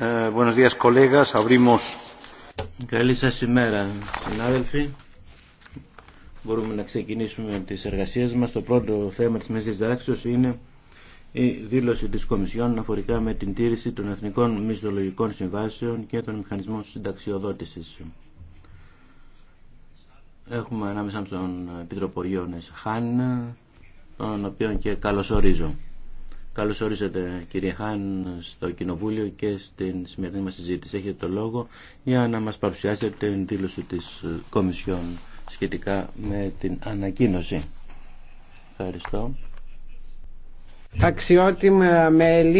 Ε, Καλή σας ημέρα, συνάδελφοι. Μπορούμε να ξεκινήσουμε τις εργασίες μας. Το πρώτο θέμα της Μέσης Δάξεως είναι η δήλωση της Κομισιόν αφορικά με την τήρηση των εθνικών μισθολογικών συμβάσεων και των μηχανισμών συνταξιοδότησης. Έχουμε ανάμεσα στον Επιτροπογείο Χάννα, τον οποίο και καλωσορίζω. Καλώς ορίσατε κύριε Χάν στο Κοινοβούλιο και στην σημερινή μα συζήτηση. Έχετε το λόγο για να μας παρουσιάσετε την δήλωση της ε, Κομισιόν σχετικά με την ανακοίνωση. Ευχαριστώ. Αξιότιμα μέλη.